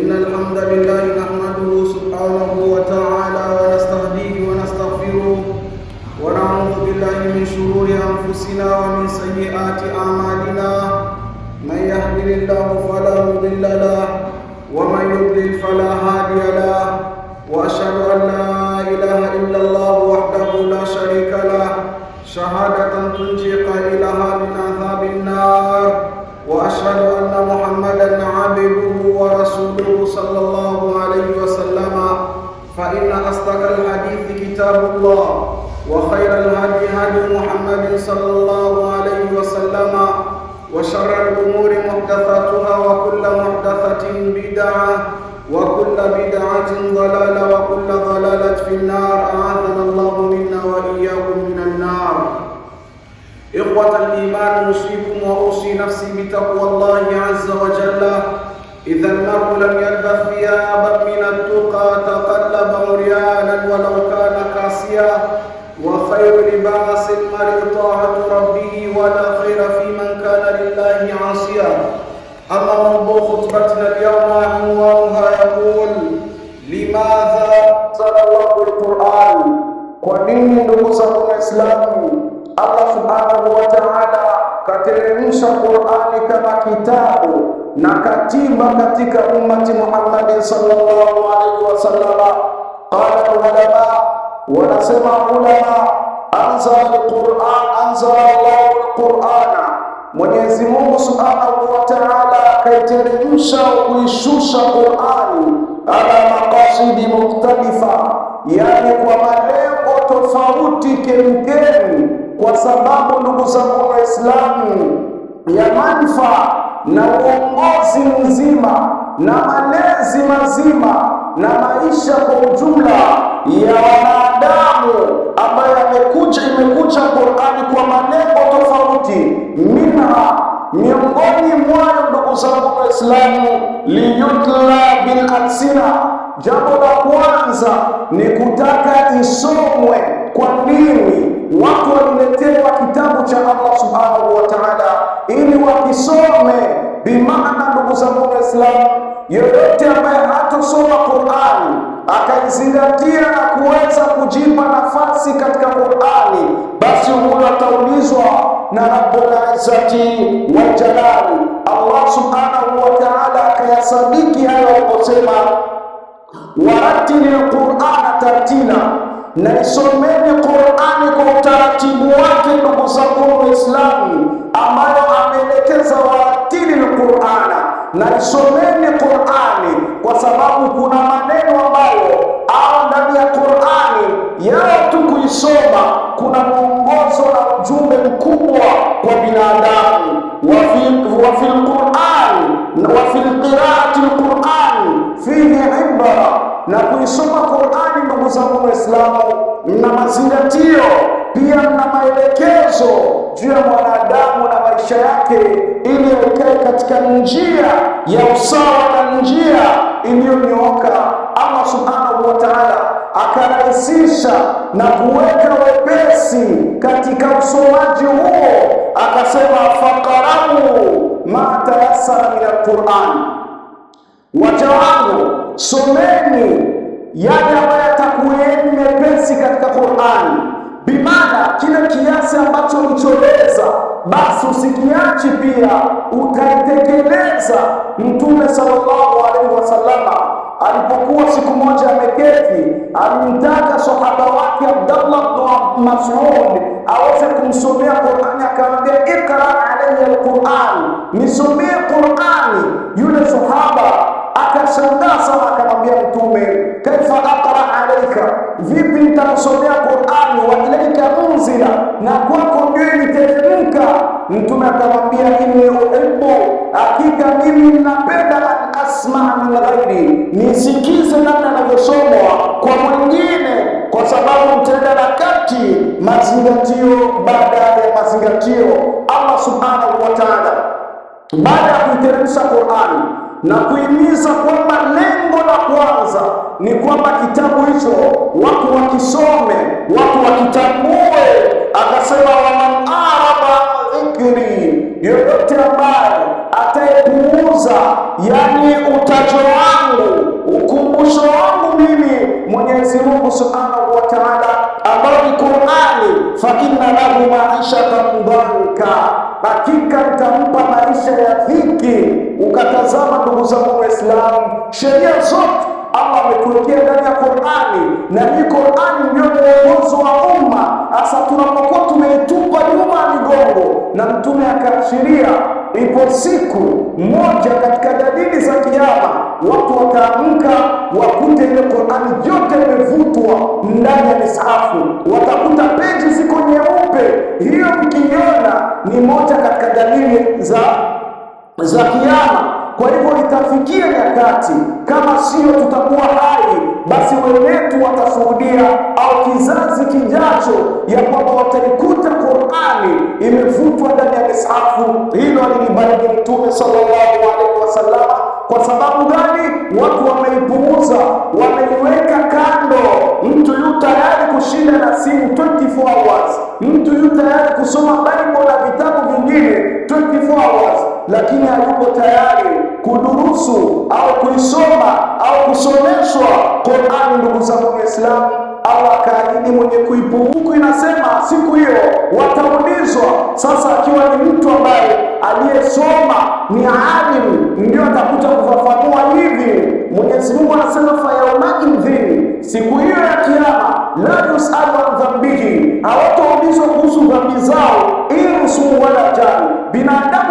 إن الحمد لله نحمده سبحانه وتعالى ونستهديه ونستغفره ونعوذ بالله من شرور أنفسنا ومن سيئات أعمالنا من يهدل الله فلا مضل له ومن يضلل فلا هادي له وأشهد أن لا إله إلا الله وحده لا شريك له شهادة تنجي قائلها من عذاب النار وأشهد أن محمدا عبده صلى الله عليه وسلم فإن أصدق الحديث كتاب الله وخير الهدي هدي محمد صلى الله عليه وسلم وشر الأمور محدثاتها وكل محدثة بدعة وكل بدعة ضلالة وكل ضلالة في النار أعاذنا الله منا وإياكم من النار إخوة الإيمان أوصيكم وأوصي نفسي بتقوى الله عز وجل إذا ما Hii ndugu zangu Waislamu, Allah subhanahu wa taala kateremsha Qurani kama kitabu na katiba katika ummati Muhammadin sallallahu alaihi wasallam. Qala ulama, wanasema ulama, anzala alquran, anzala Allahu alqurana, Mwenyezi Mungu subhanahu wa taala akaiteremsha kuishusha Qurani ala maqasidi mukhtalifa, yani kwa malengo tofauti kemkemi, kwa sababu ndugu zangu Waislamu, ya manufaa na uongozi mzima na malezi mazima na maisha kwa ujumla ya wanadamu ambayo yamekucha imekucha Qur'ani kwa maneno tofauti. Minha, miongoni mwayo, ndugu zangu Waislamu, liyutla bilkatsina, jambo la kwanza ni kutaka isomwe kwa dini watu waliletewa kitabu cha Allah subhanahu wa ta'ala, ili wakisome. Bimaana ndugu zangu Waislamu, yoyote ambaye kusoma Qurani, akaizingatia na kuweza kujipa nafasi katika Qurani, basi huyo ataulizwa na Rabbul Izzati wa Jalali, Allah subhanahu wa ta'ala akayasadiki hayo aliposema, waratili lqurana tartila, na isomeni Qurani kwa utaratibu wake. Ndugu zangu Waislamu, ambayo ameelekeza waratili lqurana na isomeni Qurani kwa sababu kuna maneno ambayo au ndani ya Qurani yao tu kuisoma kuna mwongozo na ujumbe mkubwa kwa binadamu. wa fi lqurani wa fil qiraati lqurani fihi ibra na kuisoma Qur'ani, ndugu zangu Waislamu, mna mazingatio pia, mna maelekezo juu ya mwanadamu na maisha yake, ili aikae katika njia ya usawa na njia iliyonyooka. Allah subhanahu wa ta'ala akarahisisha na kuweka wepesi katika usomaji huo, akasema faqarau ma tayassara min alquran Wacha wangu, someni yale ambayo yatakueni mepesi katika Qur'ani, bimaana kile kiasi ambacho ulicholeza basi usikiachi pia utaitekeleza. Mtume sallallahu alaihi wasallama alipokuwa siku moja ameketi, alimtaka sahaba wake Abdallah bin Mas'ud aweze kumsomea Qur'ani, akamwambia ikra alayya alquran, nisomee Qur'ani. Yule sahaba akashangaa sana, akamwambia Mtume, kaifa aqra alaika, vipi nitakusomea Qurani, wa ilaika munzila, na kwako ndio iliteremka. Mtume akamwambia inni uhibbu, hakika mimi ninapenda an min ghairi, nisikize namna anavyosomwa kwa mwingine, kwa sababu na kati mazingatio baada ya mazingatio. Allah subhanahu wa taala baada na kuhimiza kwamba lengo la kwanza ni kwamba kitabu hicho watu wakisome, watu wakitambue. Akasema waman araba dhikri, yoyote ambaye atayepuuza, yani utajo wangu, ukumbusho wangu mimi Mwenyezi Mungu subhanahu wa taala, ambayo ni Qurani, fainna lahu maishatan dhanka, hakika maisha ya dhiki, ukatazama ndugu zangu Waislamu, sheria zote Allah ametuwekea ndani ya Qur'ani, na hii Qur'ani ndio mwongozo wa umma. Hasa tunapokuwa tumeitupa nyuma ya migongo, na Mtume akaashiria ipo siku moja katika dalili za Kiyama, watu wataamka wakute ile Qur'ani yote imevutwa ndani ya misafu, watakuta peji ziko nyeupe. Hiyo mkiona ni moja katika dalili za za kiama. Kwa hivyo itafikia nyakati, kama sio tutakuwa hai, basi wenetu watashuhudia au kizazi kijacho, ya kwamba wataikuta Qurani imevutwa ndani ya misafu Hilo alilibariki Mtume sallallahu alaihi wasallam. Kwa sababu gani? Watu wameipuuza, wameiweka kando. Mtu yu tayari kushinda na simu 24 hours, mtu yu tayari kusoma Bible na vitabu vingine 24 hours lakini hayuko tayari kudurusu au kuisoma au kusomeshwa Qur'ani. Ndugu zangu Waislamu, Allah kaahidi mwenye kuipunguku, inasema siku hiyo wataulizwa. Sasa akiwa ni mtu ambaye aliyesoma ni alim ndio atakuta kufafanua hivi. Mwenyezi Mungu anasema fayaumaidhin, siku hiyo ya Kiyama, la yusalu an dhambihi, hawataulizwa kuhusu dhambi zao, insu wala jani binadamu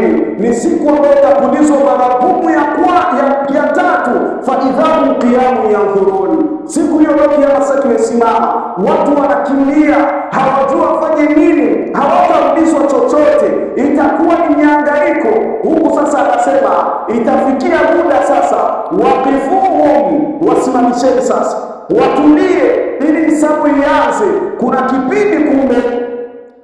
pili ni siku ambayo itapulizwa mabagumu ya kwa ya, ya tatu faidhamu qiyamu dhuruni. Siku hiyo ndio kiama sasa kimesimama, watu wanakimbia, hawajua wafanye nini, hawatarudishwa chochote, itakuwa ni miangaiko huku. Sasa anasema itafikia muda sasa, waqifuhum, wasimamisheni sasa, watulie ili hisabu ianze. Kuna kipindi kumbe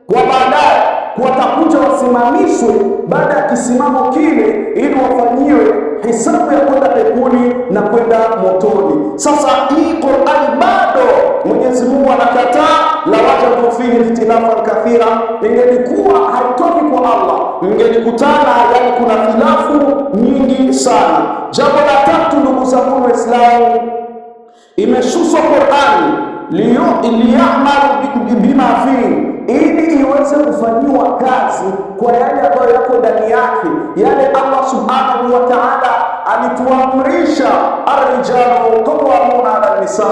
kwa baadaye watakuja wasimamishwe baada ya kisimamo kile, ili wafanyiwe hisabu ya kwenda peponi na kwenda motoni. Sasa hii Qur'ani bado Mwenyezi Mungu anakataa la wajadu fihi ikhtilafan kathira, ingelikuwa haitoki kwa Allah ingelikutana yani kuna khilafu nyingi sana. Jambo la tatu, ndugu zangu Waislamu, imesuswa Qur'ani liyamalu bima fihi ili iweze kufanyiwa kazi kwa yale ambayo yako ndani yake, yale Allah subhanahu wa ta'ala alituamrisha, arrijalu qawwamuna ala nisa,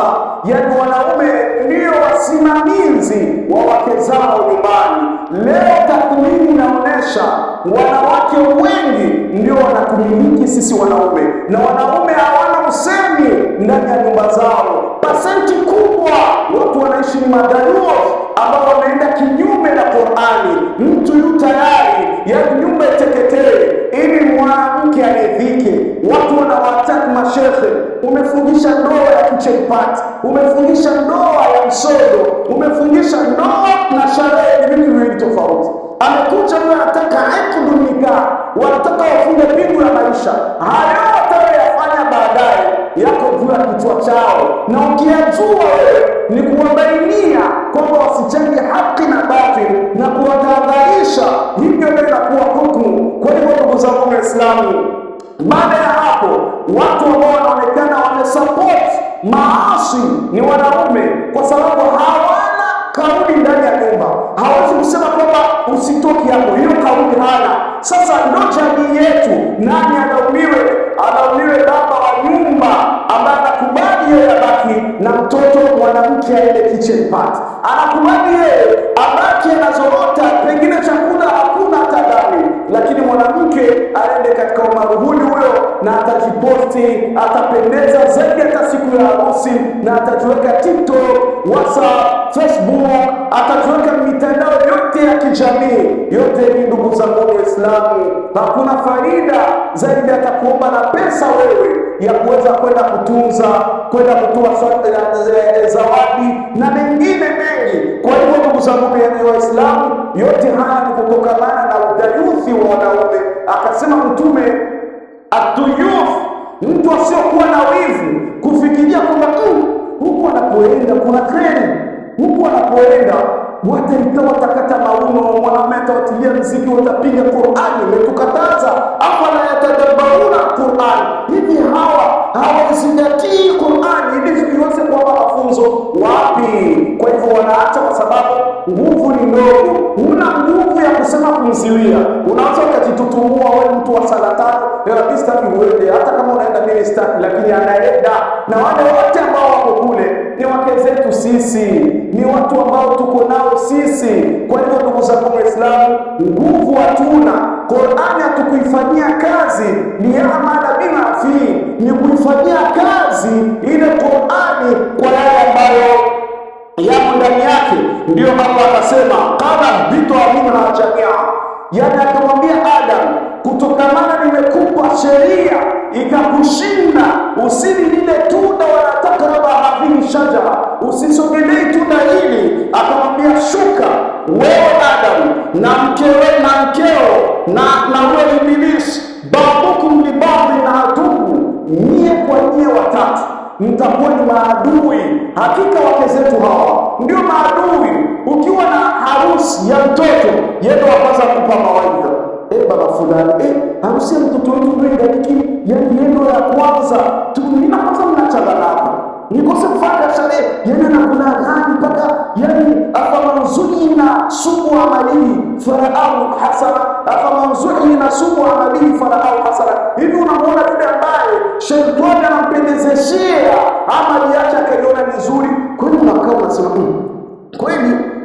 yani wanaume ndio wasimamizi wa wake zao nyumbani. Leo takwimu inaonyesha wanawake wengi ndio wanatumiliki sisi wanaume, na wanaume hawana usemi ndani ya nyumba zao, pasenti kubwa madharuo ambao wameenda kinyume na Qur'ani, mtu yu tayari ya yaani nyumba iteketee ili mwanamke aridhike. Watu wanawataka mashehe, umefungisha ndoa ya kichempati, umefungisha ndoa ya msodo, umefungisha ndoa na sherehe, ni vitu viwili tofauti. Amekucha huyo anataka ekudu nikah, wanataka wafunge pingu ya maisha. Hayo watakayoyafanya baadaye yako juu ya kichwa chao, na ukiyajua wewe ni kuwabainia kwamba wasichange haki na bati na kuwatahadharisha, hivyo ndio inakuwa hukumu. Kwa hivyo ndugu zangu Waislamu, baada ya hapo watu ambao wanaonekana wamesapoti maasi ni wanaume, kwa sababu hawana kauli ndani ya nyumba. Hawezi kusema kwamba usitoki hapo, hiyo kauli hana. Sasa ndo jamii yetu, nani ana cha ile kitchen part, anakuwa yeye abaki anazorota, pengine chakula aende katika umaruhuli huyo, na atajiposti, atapendeza zaidi hata siku ya harusi, na atajiweka TikTok, WhatsApp, Facebook, atatuweka mitandao yote ya kijamii. Yote ni ndugu zangu Waislamu, hakuna faida zaidi atakuomba kuomba na pesa wewe ya kuweza kwenda kutunza, kwenda kutoa eh, eh, zawadi na mengine mengi. Kwa hivyo zangume ya Waislamu, yote haya ni kutokamana na udayuthi wa wanaume. Akasema Mtume atuyuf, mtu asiokuwa na wivu, kufikiria kwamba mm, huku anapoenda kuna treni, huku anapoenda wataita, watakata mauno, mwanaume atawatilia mziki, watapiga Qurani. Umetukataza, afala yatadabbaruna Qurani, hivi hawa hawai msilia, Unaanza ukajitutumua wewe mtu wa sala tano, hela sitaki uende, hata kama unaenda mimi lakini anaenda. Na wale wote ambao wako kule ni wake zetu sisi, ni watu ambao tuko nao sisi. Kwa hivyo ndugu zangu Waislamu, nguvu hatuna na na nawe Ibilisi, ba'dukum li na aaduu, nyie kwa nyie watatu mtakuwa ni maadui. Hakika wake zetu hawa ndio maadui. Ukiwa na harusi ya mtoto, yeye ndo wapaza kupa mawaidha, e, baba fulani, e, harusi ya mtoto wetu ndio idariki, yani yeye ndo ya kwanza tumlina kwanza, mnachangana hapa nikose kufanya sherehe, na kuna gani mpaka yani afa manzuni na subu amalii faraahu hasana afa zuhri nasubu amabihi fala au hasana. Hivi unamwona yule ambaye shetani anampendezeshia ama yake akaiona vizuri, kweli unakaa unasema hmm, kweli,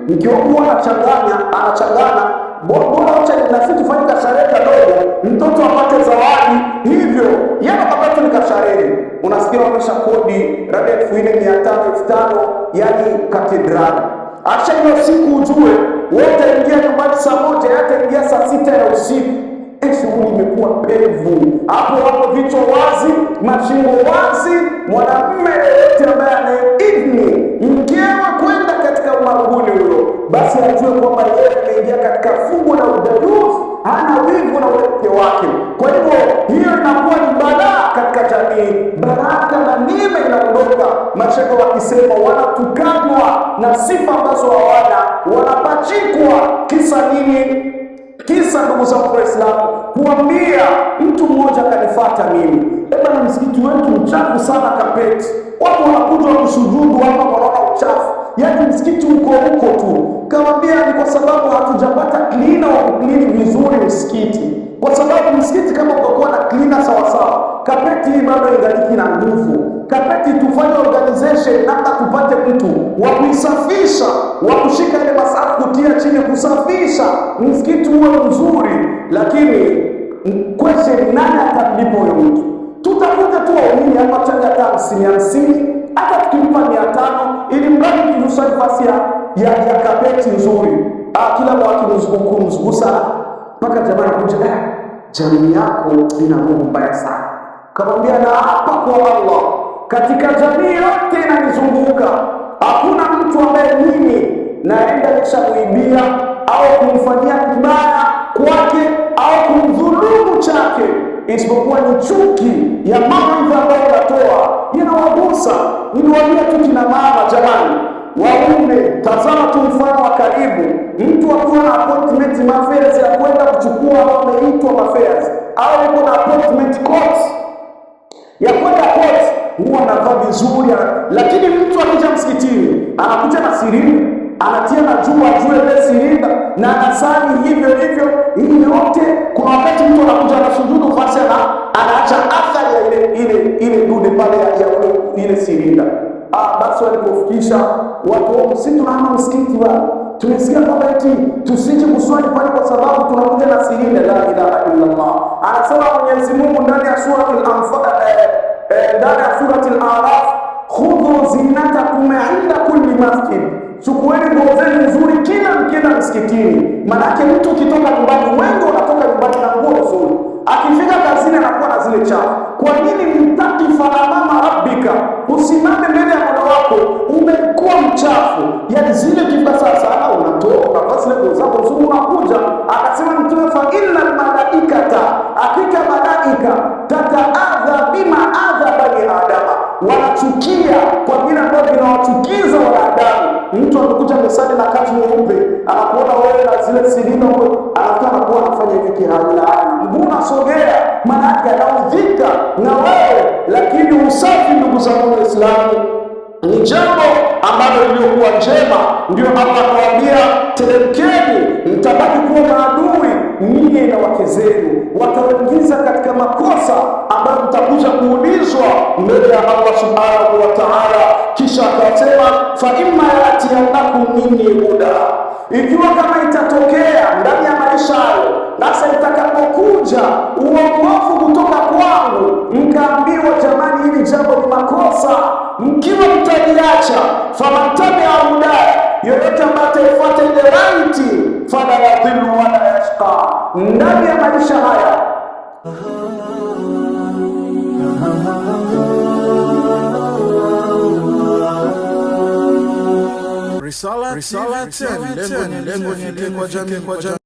nikiwa nikiwakuwa anachanganya anachangana, bora acha nafiki fanye kasharehe kadogo, mtoto apate zawadi, hivyo yeye akapata ni kasharehe. Unasikia wamesha kodi labda elfu nne mia tano elfu tano yani katedrali. Acha hiyo siku ujue wote, ingia nyumbani saa moja, hata ingia saa sita ulevu. Hapo wako vichwa wazi, mashingo wazi. Mwanamume yeyote ambaye anaidhini mkewa kwenda katika umanguni huyo basi ajue kwamba yeye ameingia katika fungu la udadufu, ana wivu na ulevu wake. Kwa hivyo hiyo inakuwa ni balaa katika jamii, baraka na neema inaondoka. Mashaka wakisema wanatukanwa na sifa ambazo hawana, wanapachikwa. Kisa nini? Kisa ndugu zangu Waislamu, kuambia mtu mmoja kanifata mimi, ni msikiti wetu mchafu sana, kapeti, watu wanakuja kusujudu hapa, wanaona uchafu, yaani msikiti uko huko tu. Kawambia ni kwa sababu hatujapata klina wa kuklini vizuri msikiti, kwa sababu msikiti kama utakuwa na klina sawasawa Kapeti hii bado ingaliki na nguvu. Kapeti tufanye organization hata tupate mtu wa kuisafisha, wa kushika ile masafa, kutia chini, kusafisha msikiti huo mzuri. Lakini question, nani atamlipa huyo mtu? Tutakuja tu waumini hapa, twende hata hamsini hamsini, hata tukimpa mia tano ili mradi kinusa nafasi ya, ya ya kapeti nzuri. Ah, kila mwaka mzunguko mzungusa mpaka jamaa kuja, eh, ah, jamii yako ina nguvu mbaya sana Kamwambia, naapa kwa Allah, katika jamii yote inanizunguka hakuna mtu ambaye mimi naenda nishamuibia au kumfanyia kibaya kwake au kumdhulumu chake, isipokuwa ni chuki ya maudhi ambayo natoa inawagusa Niliwaambia tu kina mama, jamani, waume, tazama tu mfano wa karibu, mtu akiwa na appointment mafairs ya kwenda kuchukua, ameitwa mafairs au yuko na appointment court ya kwenda koti huwa anavaa vizuri, lakini mtu akija msikitini anakuja na sirinda, anatia na juu ajue ile sirinda na anasali hivyo hivyo. hivi yote kuna wakati mtu anakuja sujudu fasi na anaacha athari ya ile ile ile dude pale ya ile sirinda. Ah, basi walipofikisha watu, sisi oh, tunaona msikiti wao Tumesikia kwamba eti tusije kuswali pale kwa sababu tunakuja na sirile la ilaha illallah. Anasema Mwenyezi Mungu ndani ya suratul Anfal, eh, eh, ndani ya suratul Araf, khudhu zinatakum inda kulli masjid, chukueni nguo zenu nzuri kila mkienda msikitini. Maanake mtu ukitoka jambo ambalo lilikuwa njema, ndio Allah akawaambia teremkeni, mtabaki kuwa maadui ninyi na wake zenu, wataingiza katika makosa ambayo mtakuja kuulizwa mbele ya Allah subhanahu wa ta'ala. Kisha akasema fa imma yatiyannakum minni huda, ikiwa kama itatokea ndani ya ameliacha famantabia huda, yoyote ambaye ataifuata ile right fala yadhillu wala yashqa, ndani ya maisha haya Risala, Risala, lengo ni lengo, fike kwa jamii.